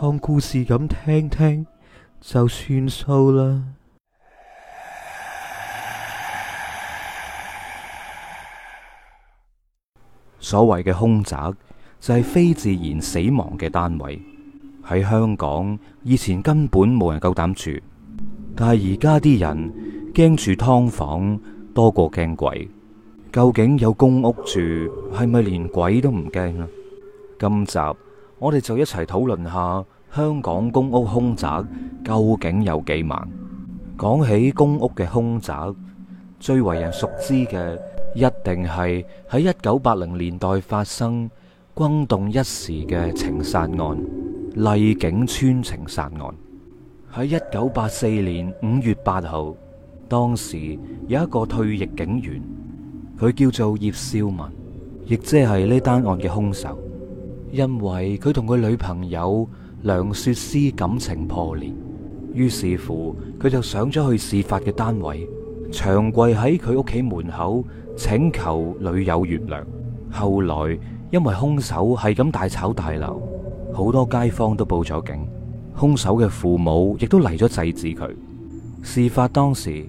當故事咁聽聽就算數啦。所謂嘅凶宅就係非自然死亡嘅單位，喺香港以前根本冇人夠膽住，但係而家啲人驚住劏房多過驚鬼。究竟有公屋住係咪連鬼都唔驚啊？今集。我哋就一齊討論下香港公屋兇宅，究竟有幾猛。講起公屋嘅兇宅，最為人熟知嘅一定係喺一九八零年代發生轟動一時嘅情殺案——荔景邨情殺案。喺一九八四年五月八號，當時有一個退役警員，佢叫做葉少文，亦即係呢單案嘅兇手。因為佢同佢女朋友梁雪詩感情破裂，於是乎佢就上咗去事發嘅單位，長跪喺佢屋企門口請求女友原諒。後來因為凶手係咁大吵大鬧，好多街坊都報咗警，凶手嘅父母亦都嚟咗制止佢。事發當時，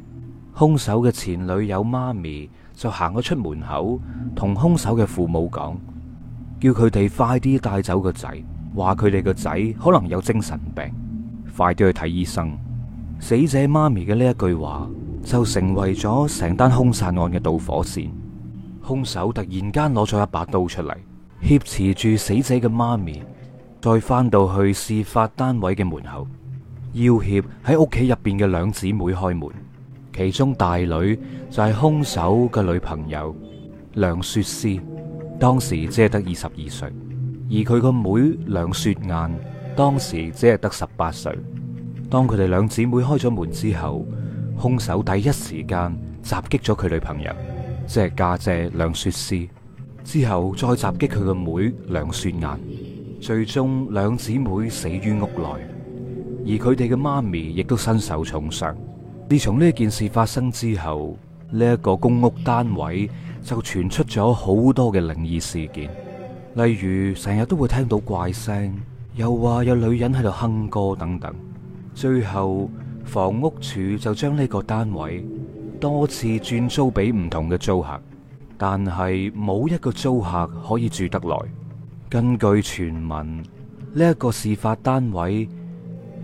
凶手嘅前女友媽咪就行咗出門口，同凶手嘅父母講。叫佢哋快啲帶走個仔，話佢哋個仔可能有精神病，快啲去睇醫生。死者媽咪嘅呢一句話就成為咗成單兇殺案嘅導火線。兇手突然間攞咗一把刀出嚟，挾持住死者嘅媽咪，再翻到去事發單位嘅門口，要挾喺屋企入邊嘅兩姊妹開門。其中大女就係兇手嘅女朋友梁雪詩。當時只係得二十二歲，而佢個妹梁、梁雪雁當時只係得十八歲。當佢哋兩姊妹開咗門之後，凶手第一時間襲擊咗佢女朋友，即係家姐、姐梁雪詩，之後再襲擊佢個妹梁、梁雪雁，最終兩姊妹死於屋內，而佢哋嘅媽咪亦都身受重傷。自從呢件事發生之後，呢、這、一個公屋單位，就傳出咗好多嘅靈異事件，例如成日都會聽到怪聲，又話有女人喺度哼歌等等。最後房屋署就將呢個單位多次轉租俾唔同嘅租客，但係冇一個租客可以住得來根據傳聞，呢一個事發單位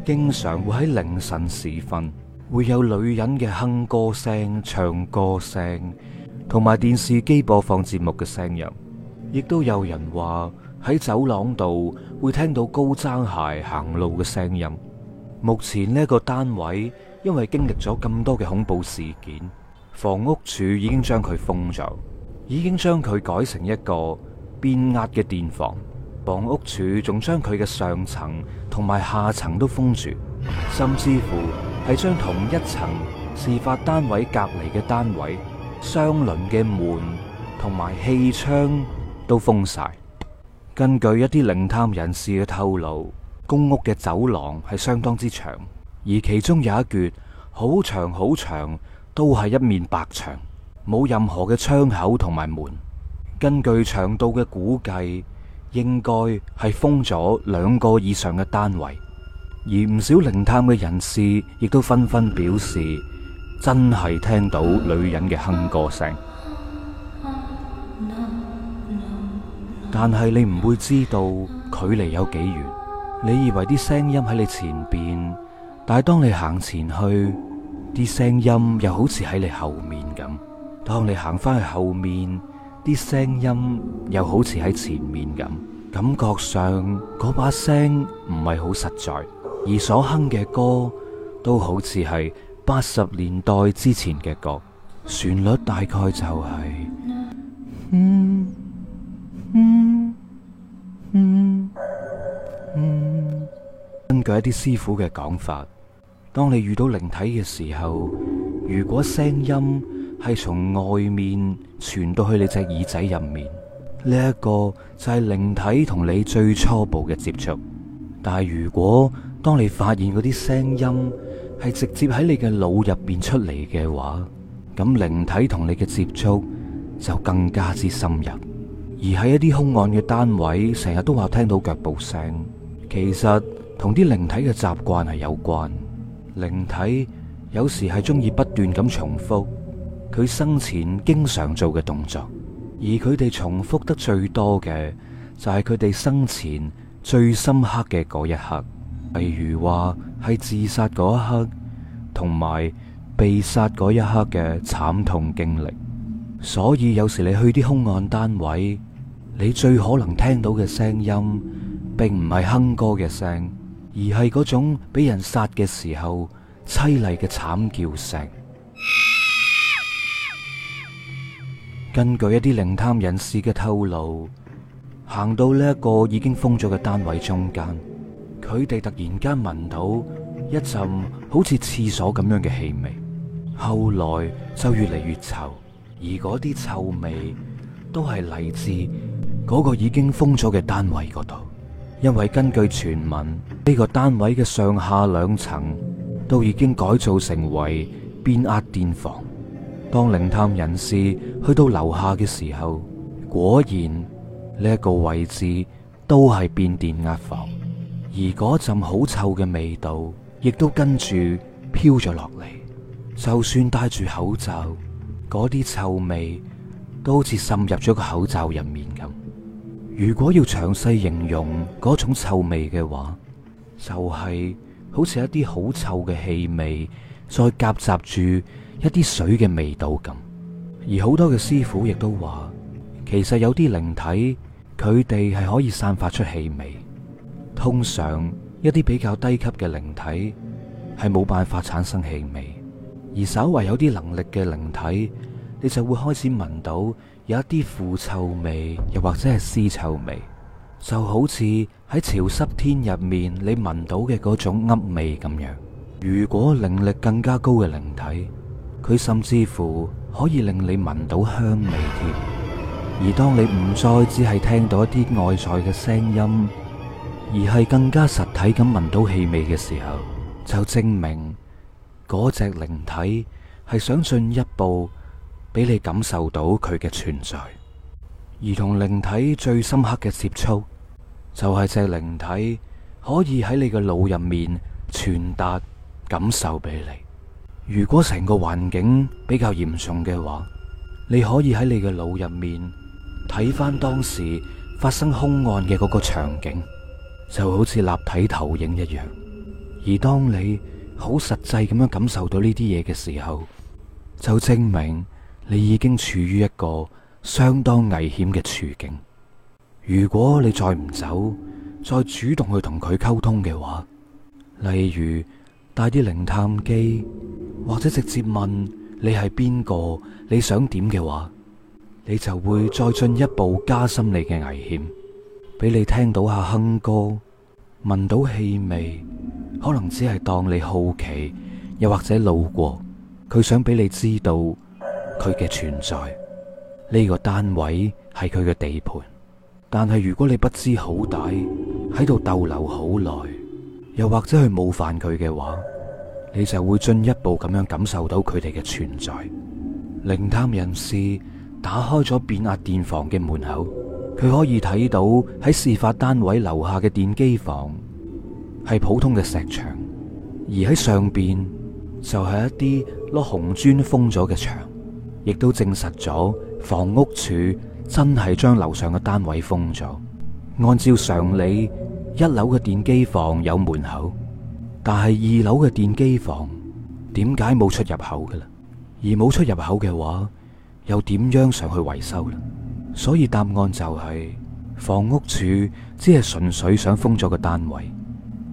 經常會喺凌晨時分會有女人嘅哼歌聲、唱歌聲，同埋電視機播放節目嘅聲音，亦都有人話喺走廊度會聽到高踭鞋行路嘅聲音。目前呢個單位因為經歷咗咁多嘅恐怖事件，房屋署已經將佢封咗，已經將佢改成一個變壓嘅電房。房屋署仲將佢嘅上層同埋下層都封住，甚至乎係將同一層事發單位隔離嘅單位。雙輪嘅門同埋氣窗都封晒。根據一啲靈探人士嘅透露，公屋嘅走廊係相當之長，而其中有一橛好長好長，都係一面白牆，冇任何嘅窗口同埋門。根據長度嘅估計，應該係封咗兩個以上嘅單位。而唔少靈探嘅人士亦都紛紛表示。真係聽到女人嘅哼歌聲，但係你唔會知道距離有幾遠。你以為啲聲音喺你前邊，但係當你行前去，啲聲音又好似喺你後面咁。當你行翻去後面，啲聲音又好似喺前面咁。感覺上嗰把聲唔係好實在，而所哼嘅歌都好似係。八十年代之前嘅歌，旋律大概就係、是，嗯嗯嗯嗯，根據一啲師傅嘅講法，當你遇到靈體嘅時候，如果聲音係從外面傳到去你隻耳仔入面，呢、這、一個就係靈體同你最初步嘅接觸。但係如果當你發現嗰啲聲音，係直接喺你嘅腦入邊出嚟嘅話，咁靈體同你嘅接觸就更加之深入。而喺一啲凶案嘅單位，成日都話聽到腳步聲，其實同啲靈體嘅習慣係有關。靈體有時係中意不斷咁重複佢生前經常做嘅動作，而佢哋重複得最多嘅就係佢哋生前最深刻嘅嗰一刻。例如話係自殺嗰一刻，同埋被殺嗰一刻嘅慘痛經歷。所以有時你去啲凶案單位，你最可能聽到嘅聲音，並唔係哼歌嘅聲，而係嗰種俾人殺嘅時候淒厲嘅慘叫聲。根據一啲靈探人士嘅透露，行到呢一個已經封咗嘅單位中間。佢哋突然間聞到一陣好似廁所咁樣嘅氣味，後來就越嚟越臭，而嗰啲臭味都係嚟自嗰個已經封咗嘅單位嗰度。因為根據傳聞，呢個單位嘅上下兩層都已經改造成為變壓電房。當靈探人士去到樓下嘅時候，果然呢一個位置都係變電壓房。而嗰陣好臭嘅味道，亦都跟住飄咗落嚟。就算戴住口罩，嗰啲臭味都好似滲入咗個口罩入面咁。如果要詳細形容嗰種臭味嘅話，就係好似一啲好臭嘅氣味，再夾雜住一啲水嘅味道咁。而好多嘅師傅亦都話，其實有啲靈體，佢哋係可以散發出氣味。通常一啲比較低級嘅靈體係冇辦法產生氣味，而稍為有啲能力嘅靈體，你就會開始聞到有一啲腐臭味，又或者係屍臭味，就好似喺潮濕天入面你聞到嘅嗰種噏味咁樣。如果靈力更加高嘅靈體，佢甚至乎可以令你聞到香味添。而當你唔再只係聽到一啲外在嘅聲音。而係更加實體咁聞到氣味嘅時候，就證明嗰隻靈體係想進一步俾你感受到佢嘅存在。而同靈體最深刻嘅接觸，就係隻靈體可以喺你嘅腦入面傳達感受俾你。如果成個環境比較嚴重嘅話，你可以喺你嘅腦入面睇返當時發生兇案嘅嗰個場景。就好似立體投影一樣，而當你好實際咁樣感受到呢啲嘢嘅時候，就證明你已經處於一個相當危險嘅處境。如果你再唔走，再主動去同佢溝通嘅話，例如帶啲靈探機，或者直接問你係邊個，你想點嘅話，你就會再進一步加深你嘅危險，俾你聽到下哼歌。聞到氣味，可能只係當你好奇，又或者路過，佢想俾你知道佢嘅存在。呢個單位係佢嘅地盤，但係如果你不知好歹喺度逗留好耐，又或者去冒犯佢嘅話，你就會進一步咁樣感受到佢哋嘅存在。靈探人士打開咗變壓電房嘅門口。佢可以睇到喺事發單位樓下嘅電機房係普通嘅石牆，而喺上邊就係一啲攞紅磚封咗嘅牆，亦都證實咗房屋署真係將樓上嘅單位封咗。按照常理，一樓嘅電機房有門口，但係二樓嘅電機房點解冇出入口㗎喇？而冇出入口嘅話，又點樣上去維修呢？所以答案就係房屋署只係純粹想封咗個單位，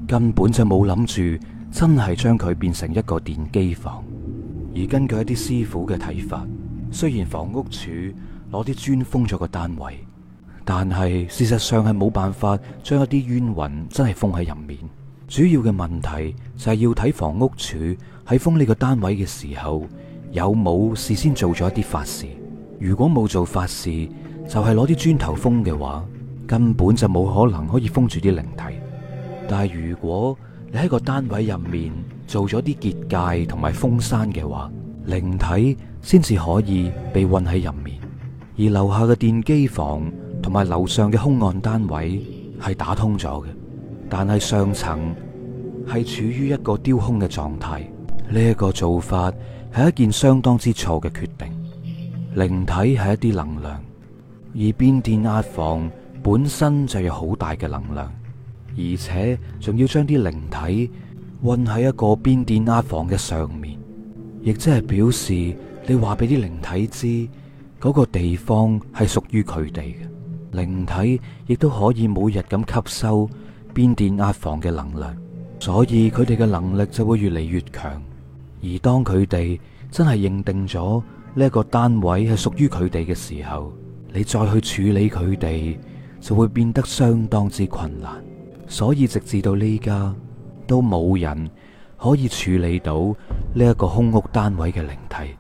根本就冇諗住真係將佢變成一個電機房。而根據一啲師傅嘅睇法，雖然房屋署攞啲磚封咗個單位，但係事實上係冇辦法將一啲冤魂真係封喺入面。主要嘅問題就係要睇房屋署喺封呢個單位嘅時候，有冇事先做咗一啲法事。如果冇做法事，就係攞啲磚頭封嘅話，根本就冇可能可以封住啲靈體。但係如果你喺個單位入面做咗啲結界同埋封山嘅話，靈體先至可以被困喺入面。而樓下嘅電機房同埋樓上嘅空案單位係打通咗嘅，但係上層係處於一個丟空嘅狀態。呢、這、一個做法係一件相當之錯嘅決定。靈體係一啲能量。而變電壓房本身就有好大嘅能量，而且仲要將啲靈體運喺一個變電壓房嘅上面，亦即係表示你話俾啲靈體知，嗰個地方係屬於佢哋嘅。靈體亦都可以每日咁吸收變電壓房嘅能量，所以佢哋嘅能力就會越嚟越強。而當佢哋真係認定咗呢個單位係屬於佢哋嘅時候，你再去處理佢哋，就會變得相當之困難。所以直至到呢家，都冇人可以處理到呢一個空屋單位嘅靈體。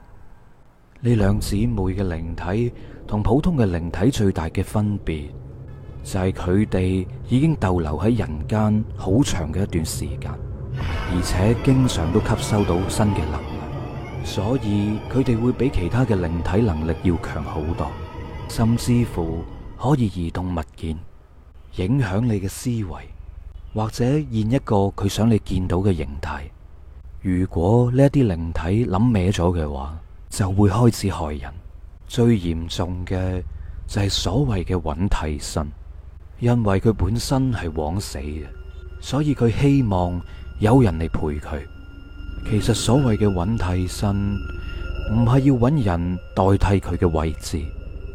呢兩姊妹嘅靈體同普通嘅靈體最大嘅分別，就係佢哋已經逗留喺人間好長嘅一段時間，而且經常都吸收到新嘅能量，所以佢哋會比其他嘅靈體能力要強好多。甚至乎可以移動物件，影響你嘅思維，或者現一個佢想你見到嘅形態。如果呢啲靈體諗歪咗嘅話，就會開始害人。最嚴重嘅就係所謂嘅揾替身，因為佢本身係枉死嘅，所以佢希望有人嚟陪佢。其實所謂嘅揾替身，唔係要揾人代替佢嘅位置。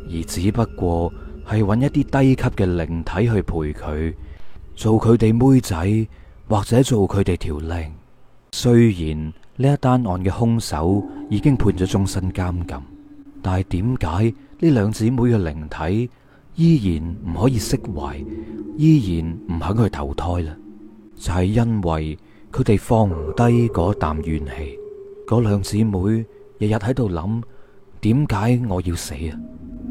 而只不過係揾一啲低級嘅靈體去陪佢，做佢哋妹仔或者做佢哋條靚。雖然呢一單案嘅兇手已經判咗終身監禁，但係點解呢兩姐妹嘅靈體依然唔可以釋懷，依然唔肯去投胎咧？就係因為佢哋放唔低嗰啖怨氣。嗰兩姐妹日日喺度諗，點解我要死啊？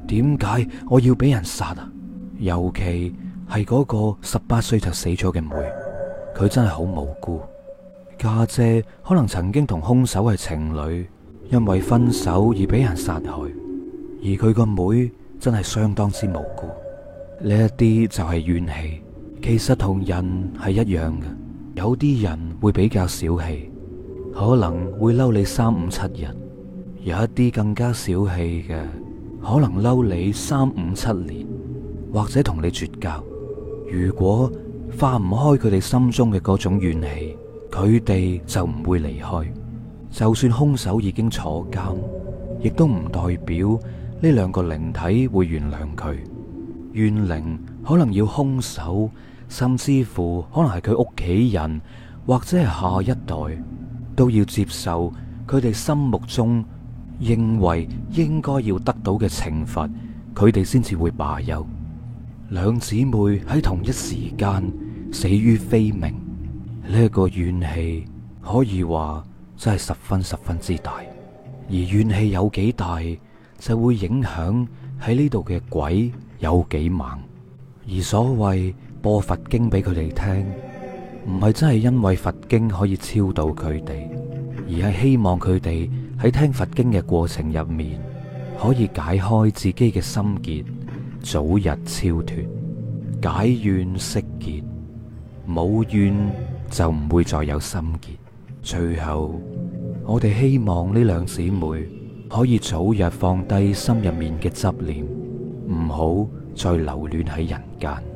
點解我要俾人殺啊？尤其係嗰個十八歲就死咗嘅妹，佢真係好無辜。家姐可能曾經同凶手係情侶，因為分手而俾人殺害，而佢個妹真係相當之無辜。呢一啲就係怨氣，其實同人係一樣嘅。有啲人會比較小氣，可能會嬲你三五七日；有一啲更加小氣嘅。可能嬲你三五七年，或者同你絕交。如果化唔開佢哋心中嘅嗰種怨氣，佢哋就唔會離開。就算兇手已經坐監，亦都唔代表呢兩個靈體會原諒佢。怨靈可能要兇手，甚至乎可能係佢屋企人，或者係下一代，都要接受佢哋心目中，認為應該要得到嘅懲罰，佢哋先至會罷休。兩姊妹喺同一時間死於非命，呢個怨氣可以話真係十分十分之大。而怨氣有幾大，就會影響喺呢度嘅鬼有幾猛。而所謂播佛經俾佢哋聽，唔係真係因為佛經可以超度佢哋，而係希望佢哋。喺聽佛經嘅過程入面，可以解開自己嘅心結，早日超脱，解怨釋結，冇怨就唔會再有心結。最後，我哋希望呢兩姊妹可以早日放低心入面嘅執念，唔好再留戀喺人間。